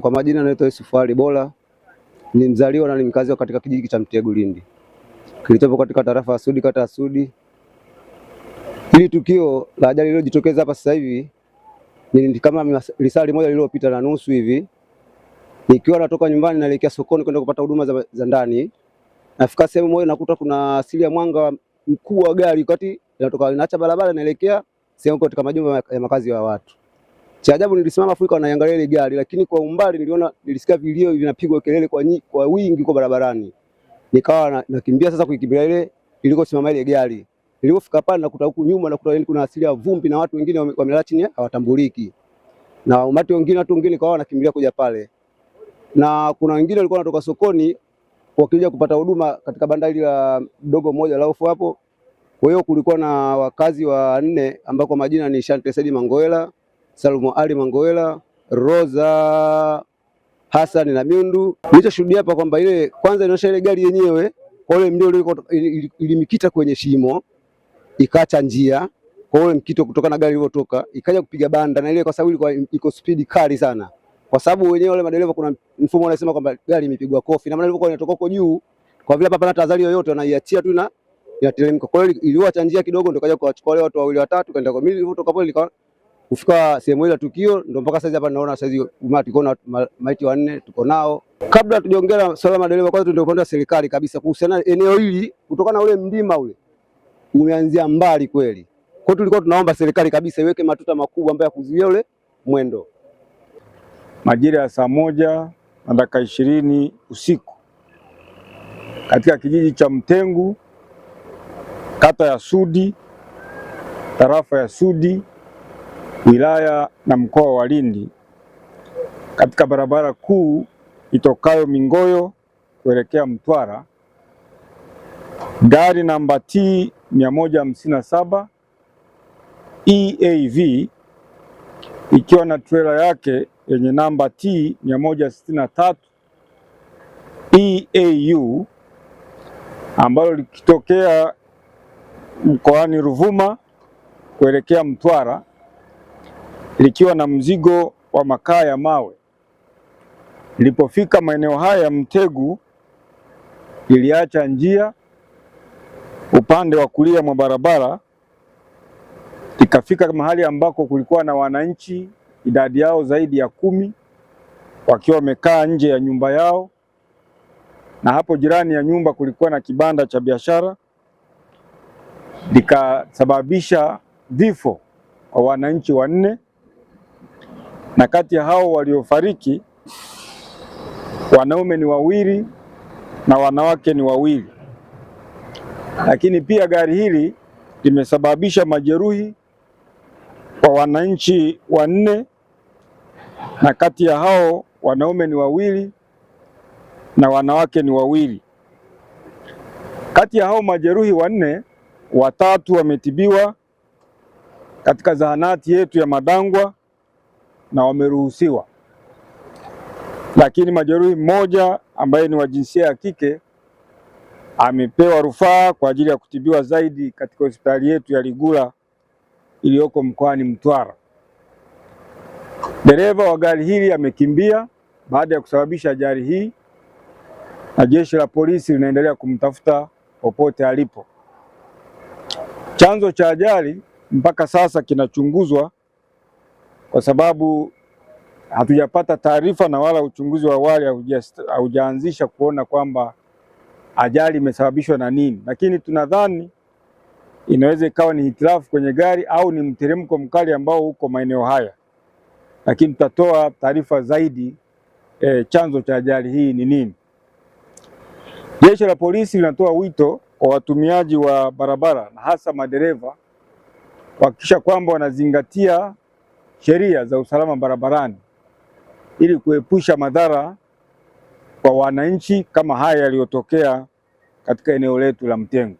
sana. Kwa majina naitwa Yusuf Ali Bola, ni mzaliwa na ni mkazi wa katika kijiji cha Mtego Lindi kilichopo katika tarafa ya Sudi, kata ya Sudi. Hili tukio la ajali lililojitokeza hapa sasa hivi ni kama lisali moja lililopita na nusu hivi, nikiwa natoka nyumbani naelekea sokoni kwenda kupata huduma za, za ndani. Nafika sehemu moja nakuta kuna asili ya mwanga mkuu wa gari kati inatoka inaacha barabara inaelekea sehemu katika majumba ya makazi ya watu. Cha ajabu nilisimama Afrika wanaiangalia ile gari, lakini kwa umbali niliona, nilisikia vilio vinapigwa kelele kwa, nyi, kwa wingi kwa barabarani, nikawa nakimbia na, sasa kuikimbia ile ilikosimama ile gari. Nilipofika pale nakuta huku nyuma nakuta yani kuna asili ya vumbi na watu wengine wamelala chini hawatambuliki, na umati wengine watu wengine kwao wanakimbilia kuja pale, na kuna wengine walikuwa wanatoka sokoni wakija kupata huduma katika bandari la dogo moja la ufu hapo. Kwa hiyo kulikuwa na wakazi wa nne ambao kwa majina ni Shante Saidi Mangoela Salumu Ali Mangoela, Rosa Hassan na Miundu. Nilichoshuhudia hapa kwamba ile kwanza inaosha ile gari yenyewe kwa ule mlio ilimikita kwenye shimo ikaacha njia kwa ule mkito kutokana na gari iliyotoka ikaja kupiga banda, na ile kwa sababu ilikuwa iko speed kali sana, kwa sababu wenyewe wale madereva kuna mfumo unasema kwamba gari imepigwa kofi, na maana ilikuwa inatoka huko juu, kwa vile hapa pana tahadhari yoyote, wanaiachia tu na inateremka. Kwa hiyo iliwacha njia kidogo, ndio kaja kuwachukua wale watu wawili watatu, kaenda kwa mili kutoka pale Kufika sehemu ile tukio ndio mpaka sasa hapa naona sasa umati kuna maiti wanne tuko nao. Kabla hatujaongea na swala madereva, kwanza ndio upande wa serikali kabisa kuhusiana eneo hili, kutokana na ule mlima ule umeanzia mbali kweli. Kwa hiyo tulikuwa tunaomba serikali kabisa iweke matuta makubwa ambayo kuzuia ule mwendo. Majira ya saa moja na dakika ishirini usiku katika kijiji cha Mtengu, kata ya Sudi, tarafa ya Sudi wilaya na mkoa wa Lindi katika barabara kuu itokayo Mingoyo kuelekea Mtwara, gari namba T 157 EAV ikiwa na trela yake yenye namba T 163 EAU ambalo likitokea mkoani Ruvuma kuelekea Mtwara likiwa na mzigo wa makaa ya mawe. Lilipofika maeneo haya ya Mtegu, liliacha njia upande wa kulia mwa barabara, likafika mahali ambako kulikuwa na wananchi idadi yao zaidi ya kumi wakiwa wamekaa nje ya nyumba yao, na hapo jirani ya nyumba kulikuwa na kibanda cha biashara, likasababisha vifo kwa wananchi wanne na kati ya hao waliofariki wanaume ni wawili na wanawake ni wawili. Lakini pia gari hili limesababisha majeruhi kwa wananchi wanne, na kati ya hao wanaume ni wawili na wanawake ni wawili. Kati ya hao majeruhi wanne, watatu wametibiwa katika zahanati yetu ya Madangwa na wameruhusiwa, lakini majeruhi mmoja ambaye ni wa jinsia ya kike amepewa rufaa kwa ajili ya kutibiwa zaidi katika hospitali yetu ya Ligula iliyoko mkoani Mtwara. Dereva wa gari hili amekimbia baada ya kusababisha ajali hii, na jeshi la polisi linaendelea kumtafuta popote alipo. Chanzo cha ajali mpaka sasa kinachunguzwa kwa sababu hatujapata taarifa na wala uchunguzi wa awali haujaanzisha kuona kwamba ajali imesababishwa na nini, lakini tunadhani inaweza ikawa ni hitilafu kwenye gari au ni mteremko mkali ambao uko maeneo haya, lakini tutatoa taarifa zaidi e, chanzo cha ajali hii ni nini. Jeshi la polisi linatoa wito kwa watumiaji wa barabara na hasa madereva kuhakikisha kwamba wanazingatia sheria za usalama barabarani ili kuepusha madhara kwa wananchi kama haya yaliyotokea katika eneo letu la Mtengo.